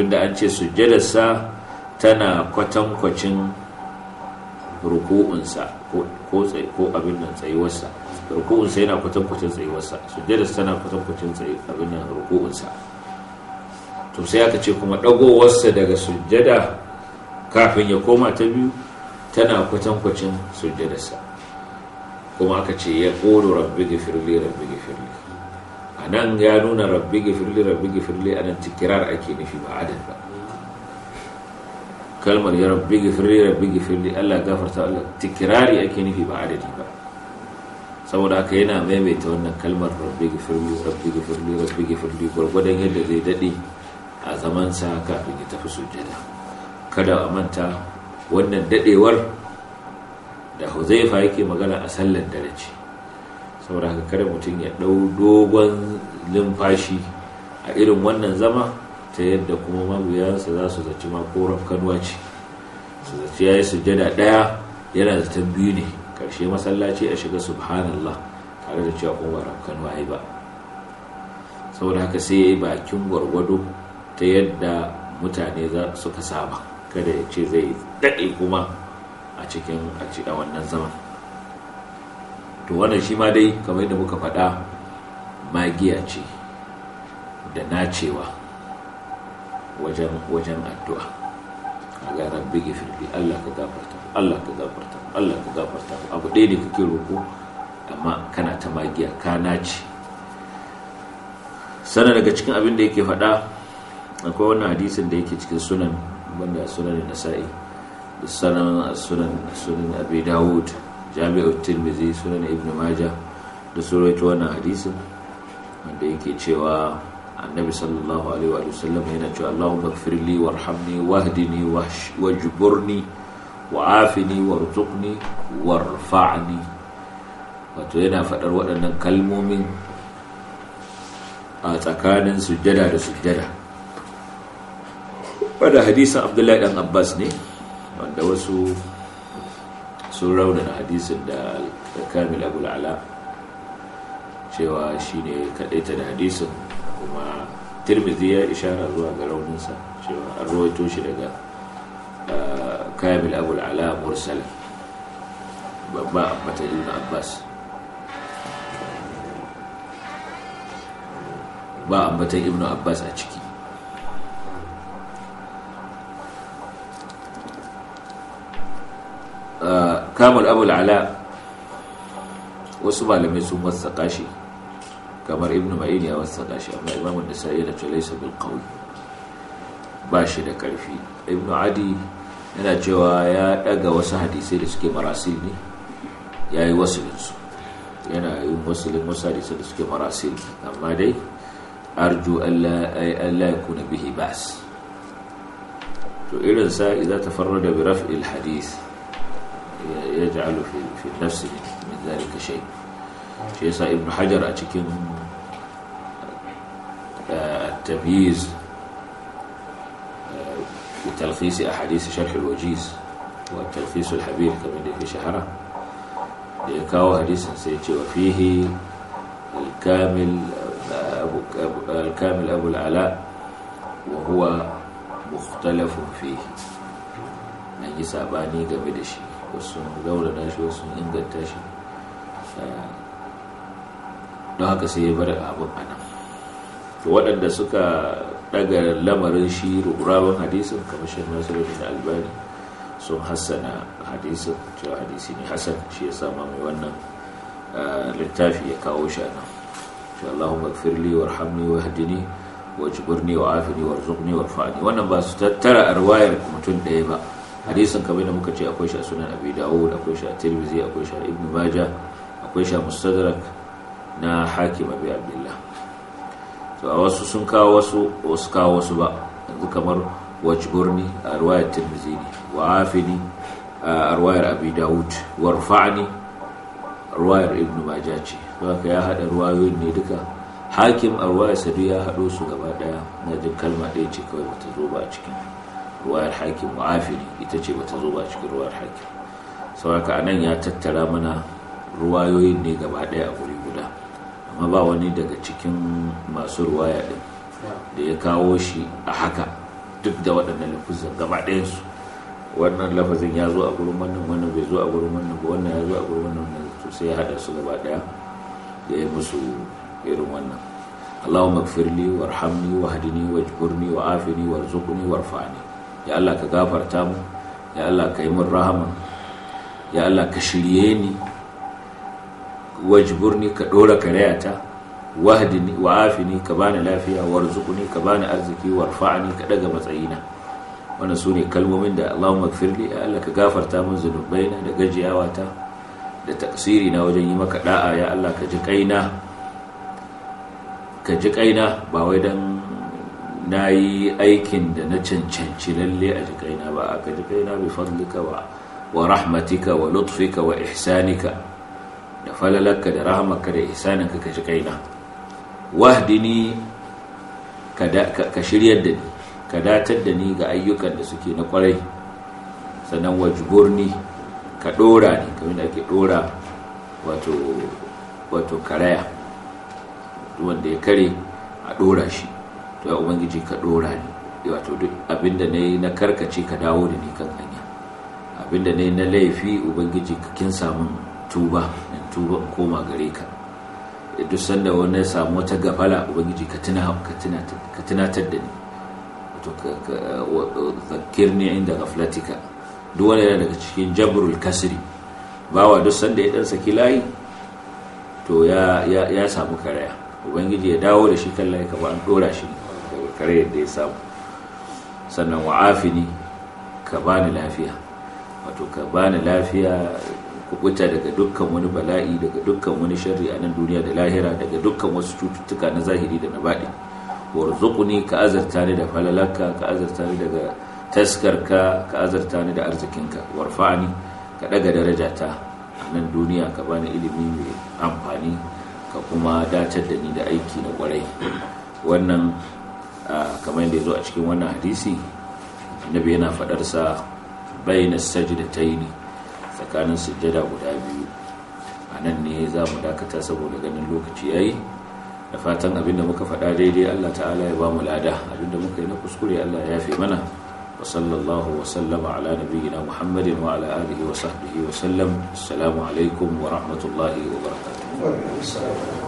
tunda an ce sujjadarsa tana kwatankwacin ruku'unsa ko abin nan tsayuwarsa ruku'unsa yana kwatankwacin tsayuwarsa sujjadarsa tana kwatankwacin abin nan ruku'unsa to sai aka ce kuma dagowarsa daga sujjada kafin ya koma ta biyu tana kwatankwacin sujjadarsa kuma aka ce ya ƙoro rabbi gifirli rabbi gifirli a nan ya nuna rabbi gifirli rabbi gifirli a nan tikirar ake nufi ba adal ba kalmar ya rabbi gifirli rabbi gifirli allah gafarta allah tikirari ake nufi ba adadi ba saboda haka yana maimaita wannan kalmar rabbi gifirli rabbi gifirli rabbi gifirli gwargwadon yadda zai daɗe a zamansa kafin ya tafi sujjada kada a manta wannan daɗewar da huzaifa yake magana a sallar dare ce saboda haka kada mutum ya ɗau dogon limfashi a irin wannan zama ta yadda kuma mabiyansa za su zaci ma ko ce su zaci ya yi sujjada ɗaya yana da biyu ne ƙarshe masallaci a shiga subhanallah tare da cewa kuma rab kanuwa ya ba saboda haka sai ya yi bakin gwargwado ta yadda mutane za suka saba kada ya ce zai daɗe kuma a cikin a wannan zaman to wannan shi ma dai kamar yadda muka faɗa magiya ce da nacewa wajen wajen addu'a a ga rabbi gifirli Allah ka gafarta Allah ka gafarta Allah ka gafarta abu ɗaya ne kake roko amma kana ta magiya ka nace sana daga cikin abin da yake faɗa akwai wannan hadisin da yake cikin sunan banda sunan nasa'i da sanan sunan sunan abi dawud jami'ar tirmidhi sunan ibn majah da suraita wannan hadisin wanda yake cewa annabi sallallahu alaihi wa sallam yana cewa Allahumma ighfir li warhamni wahdini wa wa'afini wa rufa'ani wato yana faɗar waɗannan kalmomin a tsakanin sujjada da sujjada wadda hadisan abdullahi ɗan abbas ne wanda wasu sun raunin hadisin da kamil abu ala cewa shi ne kaɗaita da hadisin kuma tirmidhi ya ishara zuwa ga rauninsa cewa an rawaito shi daga kamil abu ala mursal babba a matayin abbas ba ambatan ibnu abbas a ciki kamar abu ala wasu malamai sun wasaƙa shi kamar ibn ma'in ya wasaƙa shi amma imamun da sa'i da tulaisa bil qawi ba shi da ƙarfi ibn adi yana cewa ya ɗaga wasu hadisai da suke marasil ne ya yi wasilinsu yana yin wasilin wasu hadisai da suke marasil amma dai arju Allah ya kuna bihi ba su irinsa idan ta farra da biraf il hadis يجعل في في نفسه من ذلك شيء شيء yasa ibn hajar a cikin tabiz وتلخيص أحاديث شرح الوجيز والتلخيص الحبيب كما في شهرة يكاو حديث سيتي وفيه الكامل أبو الكامل أبو العلاء وهو مختلف فيه نجي ساباني قبل شيء wasu gaurana shi wasu inganta shi don haka sai ya bar abin a nan waɗanda suka daga lamarin shi ruburaban hadisin kamar shi da albani sun hassana hadisun cewa hadisi ne hassan shi ya sama mai wannan littafi ya kawo shi a nan shi wa gfirli wa afini wa zubni wa fa'ani wannan ba su tattara arwayar mutum ɗaya ba hadisin kamar da muka ce akwai shi a sunan abi dawud akwai shi a tirmidhi akwai shi a ibnu Baja akwai shi a mustadrak na hakim abi abdullah to a wasu sun kawo wasu wasu kawo wasu ba yanzu kamar wajburni a riwayar tirmidhi ne wa afini a riwayar abi dawud warfa'ni riwayar ibnu Baja ce haka ya hada riwayoyin ne duka hakim a riwayar sadu ya hado su gaba daya na jin kalma ɗaya ce kawai bata zo ba a cikin ruwayar hakim mu'afiri ita ce bata zo ba cikin ruwayar hakim sauraka a nan ya tattara mana ruwayoyin ne gaba ɗaya a guri guda amma ba wani daga cikin masu ruwaya ɗin da ya kawo shi a haka duk da waɗannan lafuzan gaba ɗayansu wannan lafazin ya zo a gurin wannan wannan bai zo a gurin wannan ba wannan ya zo a gurin wannan wannan to sai ya haɗa su gaba ɗaya ya yi musu irin wannan اللهم اغفر warhamni wahdini wajburni wa'afini warzuqni warfani ya Allah ka gafarta mu ya Allah ka yi min rahama ya Allah ka shirye ni ni ka dora karayata wahdini wa ni ka bani lafiya ni ka bani arziki warfa'ni ka daga matsayina wannan sune kalmomin da Allahumma ighfirli ya Allah ka gafarta min zunubaina da gajiyawata da taksiri na wajen yi maka da'a ya Allah ka ji kaina ka ji kaina ba wai dan na yi aikin da na cancanci lalle a jikaina ba a ka jikaina bi fadlika ba wa rahmatika wa lutfika wa ihsanika da falalaka da rahamaka da ihsaninka ka jikaina wahdini ka shiryar da ni ka datar da ni ga ayyukan da suke na kwarai sannan jigorni ka dora ni kamar da ake dora wato wato karaya wanda ya kare a dora shi to ya ubangiji ka dora ni wato duk abinda na na karkace ka dawo da ni kan hanya abinda na yi na laifi ubangiji ka kin samu tuba in tuba in koma gare ka duk sanda wani ya samu wata gafala ubangiji ka tunatar da ni wato zakirni inda gaflatika duk wani yana daga cikin jabrul kasri bawa duk sanda ya dan saki layi to ya samu karaya ubangiji ya dawo da shi kan layi ba an dora shi ne kare yadda ya samu sannan afini? ka bani lafiya wato ka bani lafiya kubuta daga dukkan wani bala'i daga dukkan wani sharri a nan duniya da lahira daga dukkan wasu cututtuka na zahiri da na baɗi warzuquni ka azarta ni da falalaka ka azarta ni daga taskarka ka azarta ni da arzikinka warfa'ani ka ɗaga daraja ta a nan duniya ka bani ilimi mai amfani ka kuma datar da ni da aiki na kwarai wannan kamar yadda ya zo a cikin wannan hadisi annabi yana faɗarsa bayyana sajida ta yi tsakanin sujada guda biyu a nan ne za mu dakata saboda ganin lokaci ya yi da fatan abinda muka faɗa daidai allah ta'ala ya ba mu lada abinda muka yi na kuskure allah ya fi mana wa sallallahu wa sallama ala nabiyyina muhammadin wa ala alihi wa sahbihi wa sallam assalamu alaikum wa rahmatullahi wa barakatuh